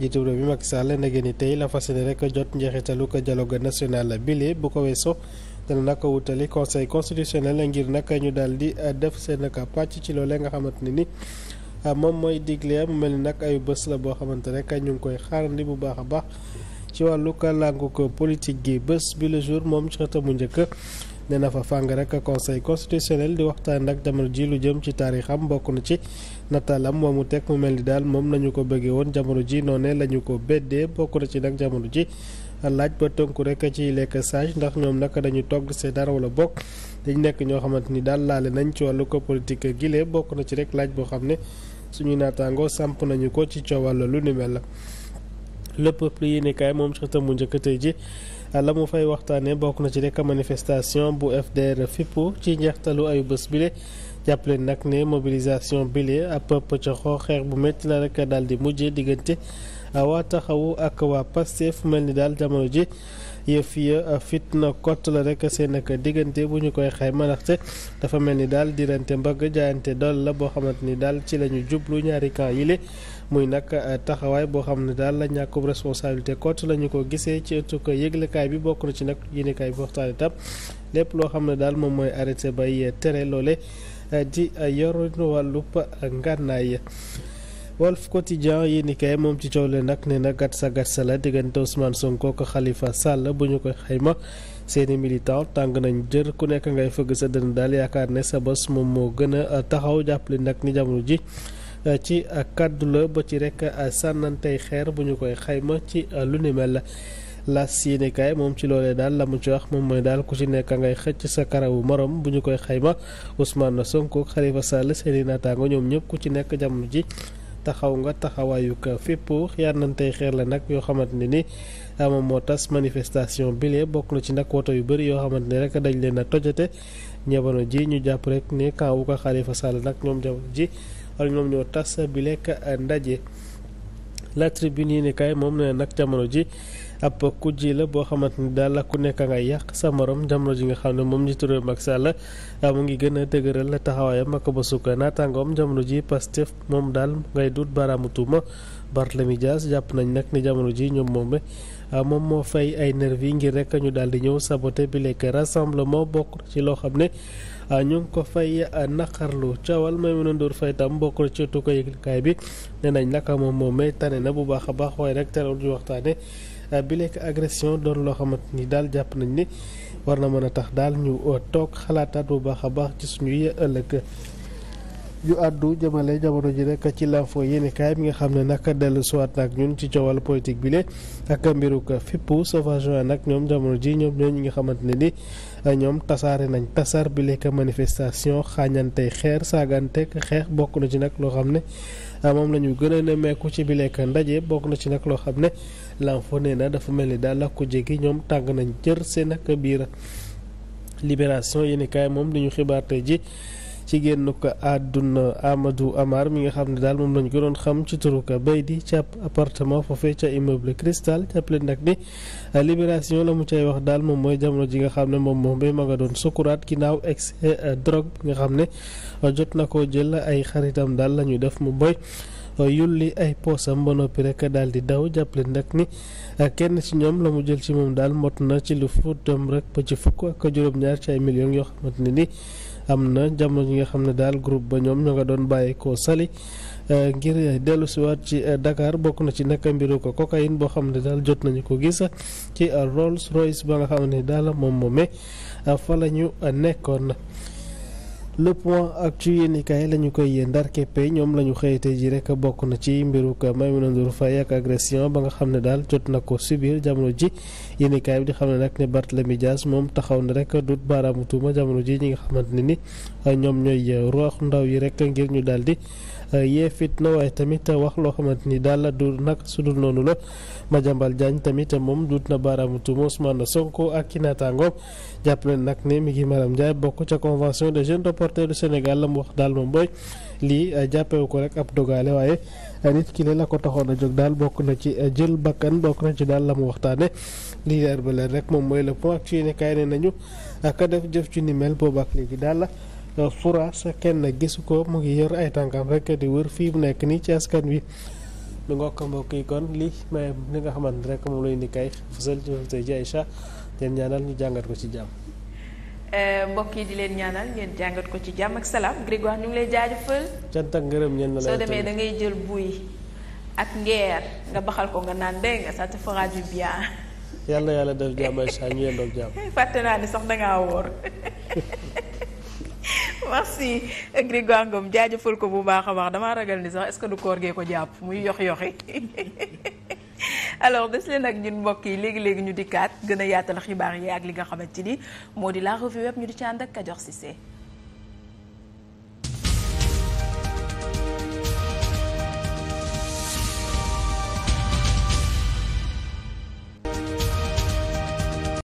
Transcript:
jiitu réew mi Macky Sall ni tey la fas yéene rek jot njeexitalu ko dialogue national bile bu ko weesoo dana nag wutali conseil constitutionnel ngir nag ñu daal di eh, def seen pàcc ci loole nga xamante ne ni eh, moom mooy digle mu mel ni nag ay bés la boo xamante rek ñu ngi koy xaarandi bu baax a baax ci wàllu langu ko politique gi bés bi le jour moom ci xëtamu njëkk. nee na fa fàng rek conseil constitutionnel di waxtaan ak jamono ji lu jëm ci taarixam bokk na ci nataalam moomu teg mu mel ni daal moom nañu ko bëggee woon jamono ji noonee la ñu ko beddee bokk na ci nag jamono ji laaj ba tënku rek ci lekk sage ndax ñoom naka dañu togg see dara wala bokk dañ nekk ñoo xamante ni daal laale nañ ci wàllu ko politique gile bokk na ci rek laaj boo xam ne suñu naataangoo samp nañu ko ci coowal lu ni mel la le peuple yéene moom ci xëtam mu njëkk tey ji la mu fay waxtaanee bokk na ci rek manifestation bu FDR fippu ci njeextalu ayu bés bile jàppale nag ne mobilisation bile ab pëccëxoo xeex bu métti la rek daal di mujjee diggante waa taxawu ak waa fu mel ni daal jamono ji yëf ya fitna kott la rek seen ak diggante bu ñu koy xayma ndaxte dafa mel ni daal dirante mbagg jaayante dool la boo xamante ni daal ci lañu ñu jublu ñaari camp yile muy nag eh, taxawaay boo xam ne daal la ñàkkub responsabilité kott la ñu ko gisee ci ëttu ko yëglekaay bi bokk na ci nag yéenekaay bi waxtaan itam lépp loo xam ne daal moom mooy arrêté bay tere loole eh, di yorinu wàllub ngànnaay Walf Quotidien yi ni kay moom ci coow le nag ne na gatsa gatsa la diggante Ousmane Sonko ko xalifa Sall bu ñu koy xayma seeni militant tàng nañ jër ku nekk ngay fëgg sa dënn daal yaakaar ne sa bos moom moo gën a taxaw jàppale nag ni jamono ji Euh, ci euh, kàddu la ba ci rek euh, sànnantey xeer bu ñu koy xayma ci lu ni la las yéenekaay moom ci loolee daal la mu ci wax moom mooy daal ku ci nekk ngay xëcc sa karawu morom bu ñu koy xayma Ousmane Sonko Khalifa Sall seeni naataango ñoom ñëpp ku ci nekk jamono ji taxaw nga taxawaayu ko fépp xeernantey xeer la nag yoo xamante ne ni moom moo tas manifestation bile bokk ci nag woto yu bëri yoo xamante ne rek dañ leen a tojate ñebano ji ñu jàpp rek ni kaw wu ko Khalifa Sall nag ñoom jamono ji wala ñoom ñoo tas bi lekk ndaje la tribune yi ni kaay moom ne nag jamono ji ab kujji la boo xamante ni daal ku nekk ngay yàq sa moroom jamono ji nga xam ne moom njiitu réew Macky Sall ah, mu ngi gën a la taxawaayam ak ba sukk naataangoom jamono ji Pastef moom daal ngay duut baaraamu tuuma Barthélemy Dias jàpp nañ nag ne jamono ji ñoom moom Euh, moom moo fay ay nervi ngir rek ñu daal di ñëw saboté bi lekk rassemblement bokk ci loo xam ne euh, ñu ngi ko fay euh, naqarlu coowal Maimouna Ndour Faye tam bokk ci tu ko yëglikaay bi nee nañ naka moom moomee tane na bu baax a baax waaye rek terewul ñu waxtaane bi lekk agression doon loo xamante ni daal jàpp nañ ni war na mën a tax daal ñu toog xalaataat bu baax a baax ci suñuy ëllëg ñu àddu jëmale jamono ji nag ci l'info yéenekaay mi nga xam ne nag dellu siwaat nag ñun ci coowal politique bi le ak mbiruk fippu sauvagement nag ñoom jamono ji ñoom ñoo ñi nga xamante ne ni ñoom tasaare nañ tasar bi lekk manifestation xaañantey xeer saagante xeex bokk na ci nag loo xam ne moom la ñu gën a nemmeeku ci bi lekk ndaje bokk na ci nag loo xam ne l'info ne na dafa mel ni daal ak ko jéggi ñoom tàng nañ jër seen ak biir libération yéenekaay moom di ñu xibaar ji ci génn ko àdduna Amadou Amar mi nga xam ne daal moom lañu ko doon xam ci turu ka bay di ca appartement foofee ca immeuble cristal jàppale nag ni euh, libération la mu cay wax daal moom mooy jamono ji nga xam ne moom moom bay ma nga doon sukuraat ginnaaw excès euh, drogue bi nga xam ne euh, jot na koo jël ay xaritam daal la ñu def mu boy yulli ay poosam ba noppi rek daal di daw jàppale nag ni ak kenn ci ñoom la mu jël ci moom daal mot na ci lu fuutam rek ba ci fukk ak ñaar ci ay yoo xamante ne ni am na jamono yi nga xam ne daal group ba ñoom ñoo nga doon bàyyi ko sali eh, ngir dellu siwaat ci eh, dakaar bokk na ci nag mbiru ko cocaïne boo xam ne daal jot nañu ko gis ci Rolls Royce ba nga xam ne daal moom moome eh, fa la ñu nekkoon na le point actu yéenikaay la ñu koy ndar keppe ñoom la ñu xëyatee ji rek bokk na ci mbiru may Maimouna Ndour Faye ak agression ba nga xam ne daal jot na ko subir jamono ji yéenikaay bi di xam ne nag ne Barthélemy Dias moom taxaw na rek dut baaraamu tuuma jamono ji ñi nga xamante ne ni ñoom ñooy roox ndaw yi rek ngir ñu daal di yee fitna waaye tamit wax loo xamante ni daal la du nag dul noonu la Madiambal Diagne tamit moom duut na baaraamu tuuma Ousmane Sonko ak i naataangoom jàpp leen nag ne mi ngi Maram Ndiaye bokk ca convention des jeunes reporters du Sénégal la mu wax daal moom mooy lii eh, jàppewu ko rek ab dogaale waaye eh, nit ki ne la ko taxoon a jog daal bokk na ci eh, jël bakkan bokk na ci daal la mu waxtaane lii leer ba leer rek moom mooy le point ak ci yéene kaay ne nañu ak def jëf ci ni mel boobu daal la Euh, Fouras kenn gisu ko mu ngi yër ay tànkam rek di wër fii bu nekk nii ci askan wi. mi ngokk mbokk yi kon lii may li nga xamante rek moom lay indi kay fësal ci tey ji Aïcha leen ñaanal ñu jàngat ko ci jàmm. Euh, mbokk yi di leen ñaanal ngeen jàngat ko ci jàmm ak salaam Grégoire ñu ngi lay jaajëfal. cant ak ngërëm ñeen la soo demee da ngay jël buy ak ngeer nga baxal ko nga naan dégg nga ça te fera du bien. yàlla def jàmm Aïcha ñu yendoog jàmm. fàtte naa ni sax dangaa wóor. merci Grégoire Ngom jaajëfal ko bu baax a baax damaa ragal ni sax est-ce que du koor gee ko jàpp muy yox yoxi alors des leen ak ñun mbokk yi léegi léegi ñu dikkaat gën a yaatal xibaar yi ak li nga xamante ni moo di la revue web ñu di ci ànd ak Kajoor Cissé